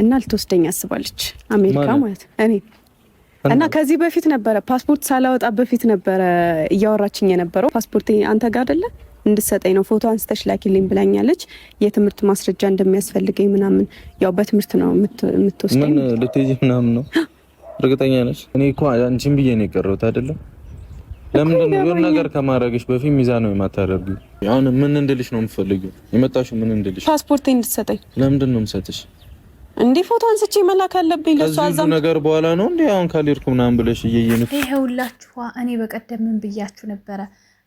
እና ልትወስደኝ አስባለች አሜሪካ ማለት ነው። እኔ እና ከዚህ በፊት ነበረ ፓስፖርት ሳላወጣ በፊት ነበረ እያወራችኝ የነበረው ፓስፖርት አንተ ጋር አደለ እንድሰጠኝ ነው ፎቶ አንስተሽ ላኪልኝ ብላኛለች። የትምህርት ማስረጃ እንደሚያስፈልገኝ ምናምን ያው በትምህርት ነው የምትወስደኝ። ምን ልትሄጂ ምናምን ነው እርግጠኛ ነች። እኔ እኮ አንቺን ብዬ ነው የቀረሁት አይደለም። ለምንድን ነው የሆነ ነገር ከማድረግሽ በፊት ሚዛ ነው የማታደርጊው? አሁን ምን እንድልሽ ነው የምትፈልጊው? የመጣሽው ምን እንድልሽ? ፓስፖርት እንድትሰጠኝ። ለምንድን ነው የምሰጥሽ? እንዲህ ፎቶ አንስቼ መላክ አለብኝ። ለሱ አዛም ነገር በኋላ ነው እንዴ አሁን ካልሄድኩ ምናምን ብለሽ እየየን ይሄውላችኋ። እኔ በቀደም ምን ብያችሁ ነበረ?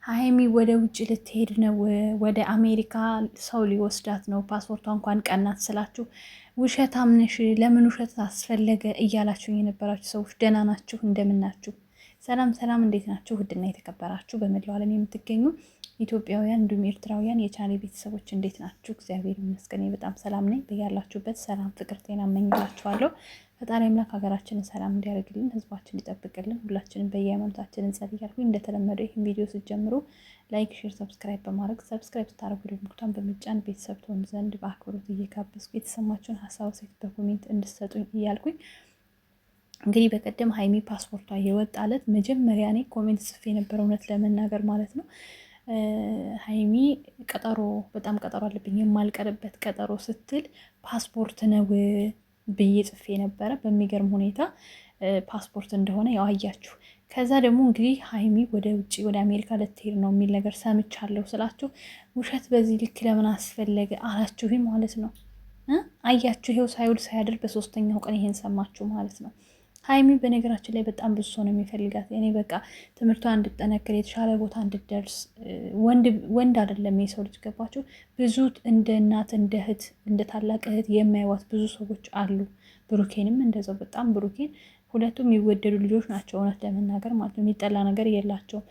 ሀይሚ ወደ ውጭ ልትሄድ ነው፣ ወደ አሜሪካ ሰው ሊወስዳት ነው፣ ፓስፖርቷ እንኳን ቀናት ስላችሁ ውሸታም ነሽ፣ ለምን ውሸት አስፈለገ እያላችሁ የነበራችሁ ሰዎች ደህና ናችሁ? እንደምን ናችሁ? ሰላም ሰላም፣ እንዴት ናችሁ? ውድና የተከበራችሁ በመላው ዓለም የምትገኙ ኢትዮጵያውያን እንዲሁም ኤርትራውያን የቻሌ ቤተሰቦች እንዴት ናችሁ? እግዚአብሔር ይመስገን በጣም ሰላም ነኝ። በያላችሁበት ሰላም፣ ፍቅር፣ ጤና እመኝላችኋለሁ። ፈጣሪ አምላክ ሀገራችንን ሰላም እንዲያደርግልን ህዝባችን ሊጠብቅልን ሁላችንም በየሃይማኖታችን እንጸልይ እያልኩኝ እንደተለመደው ይህን ቪዲዮ ስትጀምሩ ላይክ፣ ሼር፣ ሰብስክራይብ በማድረግ ሰብስክራይብ ስታደርጉ ደግሞ ምልክቱን በመጫን ቤተሰብ ትሆኑ ዘንድ በአክብሮት እየጋበዝኩ የተሰማችሁን ሀሳብ ሴት በኮሜንት እንድሰጡኝ እያልኩኝ እንግዲህ በቀደም ሀይሚ ፓስፖርቷ የወጣለት መጀመሪያ እኔ ኮሜንት ጽፌ የነበረ እውነት ለመናገር ማለት ነው ሀይሚ ቀጠሮ በጣም ቀጠሮ አለብኝ የማልቀርበት ቀጠሮ ስትል ፓስፖርት ነው ብዬ ጽፌ ነበረ። በሚገርም ሁኔታ ፓስፖርት እንደሆነ ያው አያችሁ። ከዛ ደግሞ እንግዲህ ሀይሚ ወደ ውጭ ወደ አሜሪካ ልትሄድ ነው የሚል ነገር ሰምቻለሁ ስላችሁ ውሸት በዚህ ልክ ለምን አስፈለገ አላችሁ ማለት ነው። አያችሁ፣ ይኸው ሳይውል ሳያድር በሶስተኛው ቀን ይሄን ሰማችሁ ማለት ነው። ሀይሚ በነገራችን ላይ በጣም ብዙ ሰው ነው የሚፈልጋት። እኔ በቃ ትምህርቷ እንድጠነክር የተሻለ ቦታ እንድደርስ ወንድ አይደለም የሰው ልጅ ገባችሁ። ብዙ እንደ እናት እንደ እህት እንደ ታላቅ እህት የማይዋት ብዙ ሰዎች አሉ። ብሩኬንም እንደዛው በጣም ብሩኬን፣ ሁለቱም የሚወደዱ ልጆች ናቸው። እውነት ለመናገር ማለት ነው የሚጠላ ነገር የላቸውም።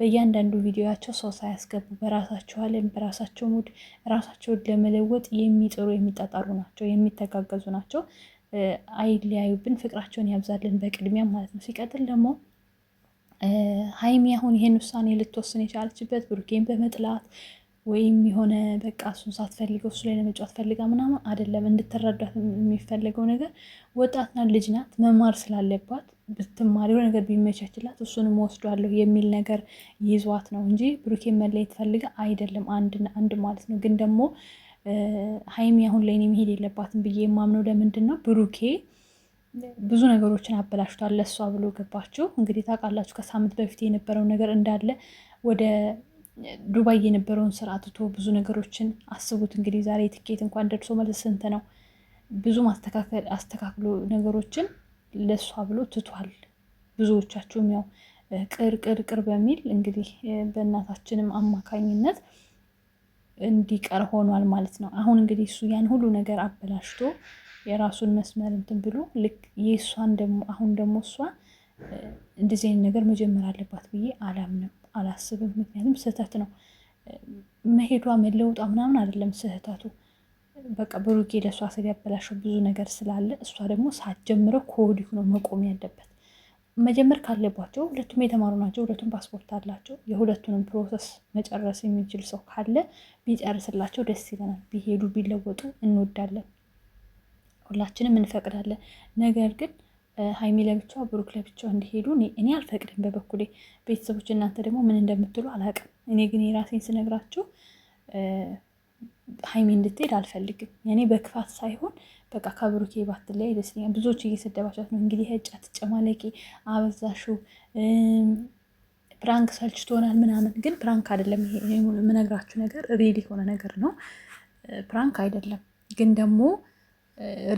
በእያንዳንዱ ቪዲዮያቸው ሰው ሳያስገቡ በራሳቸው ዓለም በራሳቸው ሙድ ራሳቸውን ለመለወጥ የሚጥሩ የሚጣጣሩ ናቸው፣ የሚተጋገዙ ናቸው። አይለያዩብን፣ ፍቅራቸውን ያብዛልን በቅድሚያ ማለት ነው። ሲቀጥል ደግሞ ሀይሚ አሁን ይሄን ውሳኔ ልትወስን የቻለችበት ብሩኬን በመጥላት ወይም የሆነ በቃ እሱን ሳትፈልገው እሱ ላይ ለመጫወት ፈልጋ ምናምን አይደለም። እንድትረዳት የሚፈለገው ነገር ወጣት ልጅናት ልጅ ናት፣ መማር ስላለባት ብትማሪው ነገር ቢመቻችላት እሱንም ወስዷለሁ የሚል ነገር ይዟት ነው እንጂ ብሩኬን መለየት ፈልጋ አይደለም። አንድ አንድ ማለት ነው ግን ደግሞ ሀይሚ አሁን ላይ እኔ መሄድ የለባትም ብዬ የማምነው ለምንድን ነው ብሩኬ ብዙ ነገሮችን አበላሽቷል ለእሷ ብሎ ገባችሁ። እንግዲህ ታውቃላችሁ ከሳምንት በፊት የነበረው ነገር እንዳለ ወደ ዱባይ የነበረውን ስራ ትቶ ብዙ ነገሮችን አስቡት። እንግዲህ ዛሬ ትኬት እንኳን ደርሶ መልስ ስንት ነው? ብዙ ማስተካከል አስተካክሎ ነገሮችን ለሷ ብሎ ትቷል። ብዙዎቻችሁም ያው ቅር ቅር ቅር በሚል እንግዲህ በእናታችንም አማካኝነት እንዲቀር ሆኗል ማለት ነው። አሁን እንግዲህ እሱ ያን ሁሉ ነገር አበላሽቶ የራሱን መስመር እንትን ብሎ ልክ የእሷን ደግሞ አሁን ደግሞ እሷ እንደዚህ አይነት ነገር መጀመር አለባት ብዬ አላምንም፣ አላስብም። ምክንያቱም ስህተት ነው መሄዷ መለውጧ ምናምን አይደለም ስህተቱ በቃ ብሩኬ ለእሷ ስለ ያበላሸው ብዙ ነገር ስላለ እሷ ደግሞ ሳትጀምረው ከወዲሁ ነው መቆም ያለበት። መጀመር ካለባቸው ሁለቱም የተማሩ ናቸው። ሁለቱም ፓስፖርት አላቸው። የሁለቱንም ፕሮሰስ መጨረስ የሚችል ሰው ካለ ቢጨርስላቸው ደስ ይለናል። ቢሄዱ ቢለወጡ እንወዳለን፣ ሁላችንም እንፈቅዳለን። ነገር ግን ሀይሚ ለብቻ ብሩክ ለብቻ እንዲሄዱ እኔ አልፈቅድም በበኩሌ። ቤተሰቦች እናንተ ደግሞ ምን እንደምትሉ አላውቅም። እኔ ግን የራሴን ስነግራችሁ ሀይሚ እንድትሄድ አልፈልግም። እኔ በክፋት ሳይሆን በቃ ከብሩኬ ባትለይ ላይ ይመስለኛል ብዙዎች እየሰደባቻት ነው እንግዲህ እጭ አትጨማለቂ፣ አበዛሹ ፕራንክ ሰልችቶናል ምናምን። ግን ፕራንክ አይደለም የምነግራችሁ ነገር ሪል የሆነ ነገር ነው። ፕራንክ አይደለም ግን ደግሞ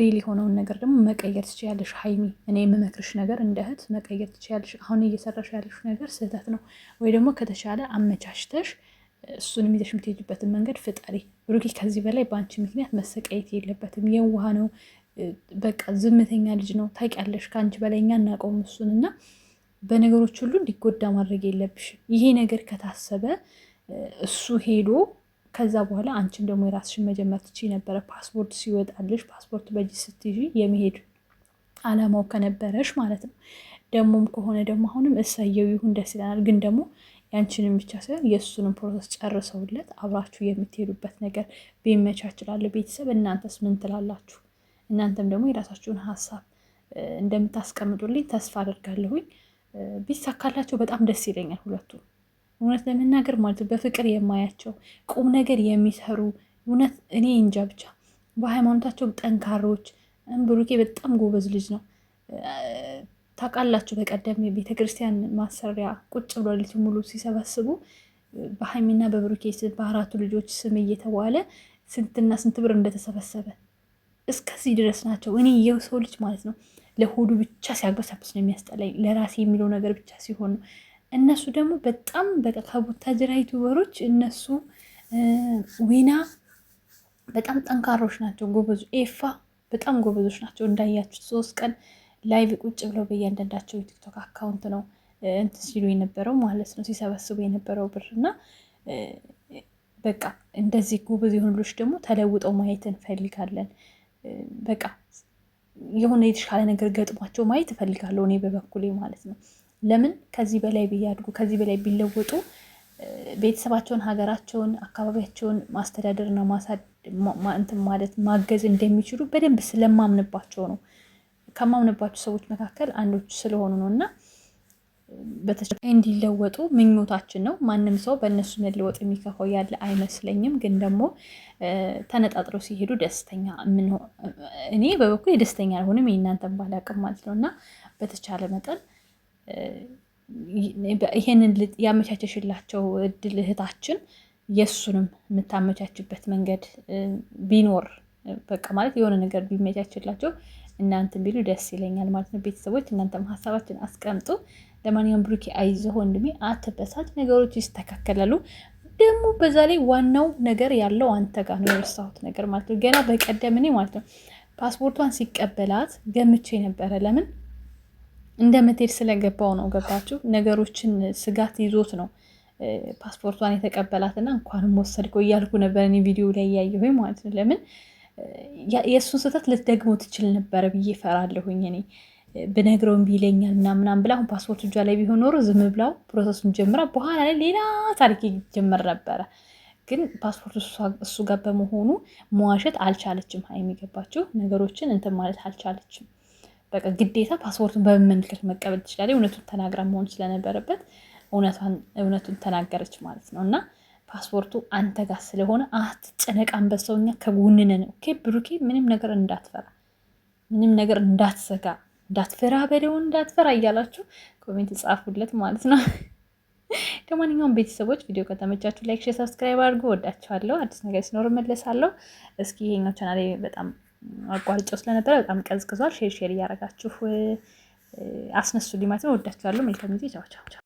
ሪል የሆነውን ነገር ደግሞ መቀየር ትችያለሽ ሀይሚ። እኔ የምመክርሽ ነገር እንደ እህት መቀየር ትችያለሽ። አሁን እየሰራሽ ያለሽ ነገር ስህተት ነው ወይ ደግሞ ከተቻለ አመቻችተሽ እሱንም ይዘሽ የምትሄጂበትን መንገድ ፍጠሪ። ብሩኬ ከዚህ በላይ በአንቺ ምክንያት መሰቃየት የለበትም። የዋህ ነው፣ በቃ ዝምተኛ ልጅ ነው። ታውቂያለሽ፣ ከአንቺ በላይ እኛ እናውቀውም እሱን እና በነገሮች ሁሉ እንዲጎዳ ማድረግ የለብሽም። ይሄ ነገር ከታሰበ እሱ ሄዶ ከዛ በኋላ አንቺን ደግሞ የራስሽን መጀመር ትቺ ነበረ። ፓስፖርት ሲወጣልሽ ፓስፖርት በእጅ ስትይዥ የመሄድ አላማው ከነበረሽ ማለት ነው። ደግሞም ከሆነ ደግሞ አሁንም እሰየው ይሁን ደስ ይለናል። ግን ደግሞ ያንቺንም ብቻ ሳይሆን የእሱንም ፕሮሰስ ጨርሰውለት አብራችሁ የምትሄዱበት ነገር ቢመቻችላለ። ቤተሰብ እናንተስ ምን ትላላችሁ? እናንተም ደግሞ የራሳችሁን ሀሳብ እንደምታስቀምጡልኝ ተስፋ አድርጋለሁኝ። ቢሳካላቸው በጣም ደስ ይለኛል። ሁለቱም እውነት ለመናገር ማለት በፍቅር የማያቸው ቁም ነገር የሚሰሩ እውነት እኔ እንጃ ብቻ በሃይማኖታቸው ጠንካሮች። ብሩኬ በጣም ጎበዝ ልጅ ነው። ታውቃላችሁ፣ በቀደም የቤተክርስቲያን ማሰሪያ ቁጭ ብሎ ሌሊቱን ሙሉ ሲሰበስቡ በሀይሚና በብሩኬ በአራቱ ልጆች ስም እየተባለ ስንትና ስንት ብር እንደተሰበሰበ እስከዚህ ድረስ ናቸው። እኔ የው ሰው ልጅ ማለት ነው ለሆዱ ብቻ ሲያግበሳብስ ነው የሚያስጠላኝ፣ ለራሴ የሚለው ነገር ብቻ ሲሆን ነው። እነሱ ደግሞ በጣም በቃ ከቡታጅራ ዩቱበሮች እነሱ ዊና በጣም ጠንካሮች ናቸው፣ ጎበዙ ኤፋ በጣም ጎበዞች ናቸው። እንዳያችሁ ሶስት ቀን ላይቭ ቁጭ ብለው በእያንዳንዳቸው የቲክቶክ አካውንት ነው እንትን ሲሉ የነበረው ማለት ነው ሲሰበስቡ የነበረው ብር እና በቃ እንደዚህ ጉብዝ የሆኑ ልጆች ደግሞ ተለውጠው ማየት እንፈልጋለን። በቃ የሆነ የተሻለ ነገር ገጥሟቸው ማየት እፈልጋለሁ እኔ በበኩሌ ማለት ነው። ለምን ከዚህ በላይ ቢያድጉ ከዚህ በላይ ቢለወጡ ቤተሰባቸውን፣ ሀገራቸውን፣ አካባቢያቸውን ማስተዳደርና ማሳድ እንትን ማለት ማገዝ እንደሚችሉ በደንብ ስለማምንባቸው ነው። ከማምንባቸው ሰዎች መካከል አንዶች ስለሆኑ ነው እና በተጨማሪ እንዲለወጡ ምኞታችን ነው። ማንም ሰው በእነሱ መለወጥ የሚከፋው ያለ አይመስለኝም። ግን ደግሞ ተነጣጥሮ ሲሄዱ ደስተኛ እኔ በበኩል ደስተኛ አልሆንም፣ የእናንተን አቅም ማለት ነው እና በተቻለ መጠን ይሄንን ያመቻቸሽላቸው እድል እህታችን የእሱንም የምታመቻችበት መንገድ ቢኖር በቃ ማለት የሆነ ነገር ቢመቻችላቸው እናንተ ቢሉ ደስ ይለኛል ማለት ነው። ቤተሰቦች እናንተም ሀሳባችን አስቀምጡ። ለማንኛውም ብሩኬ አይዞህ ወንድሜ፣ አትበሳጭ፣ ነገሮች ይስተካከላሉ። ደግሞ በዛ ላይ ዋናው ነገር ያለው አንተ ጋር ነው። የረሳሁት ነገር ማለት ነው ገና በቀደም እኔ ማለት ነው ፓስፖርቷን ሲቀበላት ገምቼ ነበረ። ለምን እንደምትሄድ ስለገባው ነው። ገባችሁ? ነገሮችን ስጋት ይዞት ነው ፓስፖርቷን የተቀበላት እንኳንም ወሰድከው እያልኩ ነበር እኔ ቪዲዮ ላይ እያየሁኝ ማለት ነው ለምን የእሱን ስህተት ልትደግሞ ትችል ነበረ ብዬ ፈራለሁኝ እኔ ብነግረውን ቢለኛል ምናምናም ብላ አሁን ፓስፖርት እጇ ላይ ቢሆን ኖሮ ዝም ብላው ፕሮሰሱን ጀምራ በኋላ ላይ ሌላ ታሪክ ጀመር ነበረ። ግን ፓስፖርት እሱ ጋር በመሆኑ መዋሸት አልቻለችም። የሚገባችው ነገሮችን እንትን ማለት አልቻለችም። በቃ ግዴታ ፓስፖርቱን በመመልከት መቀበል ትችላለች። እውነቱን ተናግራ መሆን ስለነበረበት እውነቱን ተናገረች ማለት ነው እና ፓስፖርቱ አንተ ጋር ስለሆነ አትጨነቅ፣ አንበሳው እኛ ከጎንነ ነው። ኦኬ ብሩኬ፣ ምንም ነገር እንዳትፈራ፣ ምንም ነገር እንዳትሰጋ፣ እንዳትፈራ፣ በደው እንዳትፈራ እያላችሁ ኮሜንት ጻፉለት ማለት ነው። ከማንኛውም ቤተሰቦች ቪዲዮ ከተመቻችሁ ላይክ፣ ሼር፣ ሰብስክራይብ አድርጉ። ወዳችኋለሁ። አዲስ ነገር ሲኖር መለሳለሁ። እስኪ ይሄኛው ቻናል በጣም አቋርጬው ስለነበረ በጣም ቀዝቅዟል። ሼር ሼር እያደረጋችሁ አስነሱ። ማለት ነው። ወዳችኋለሁ። መልካም ጊዜ። ቻው ቻው።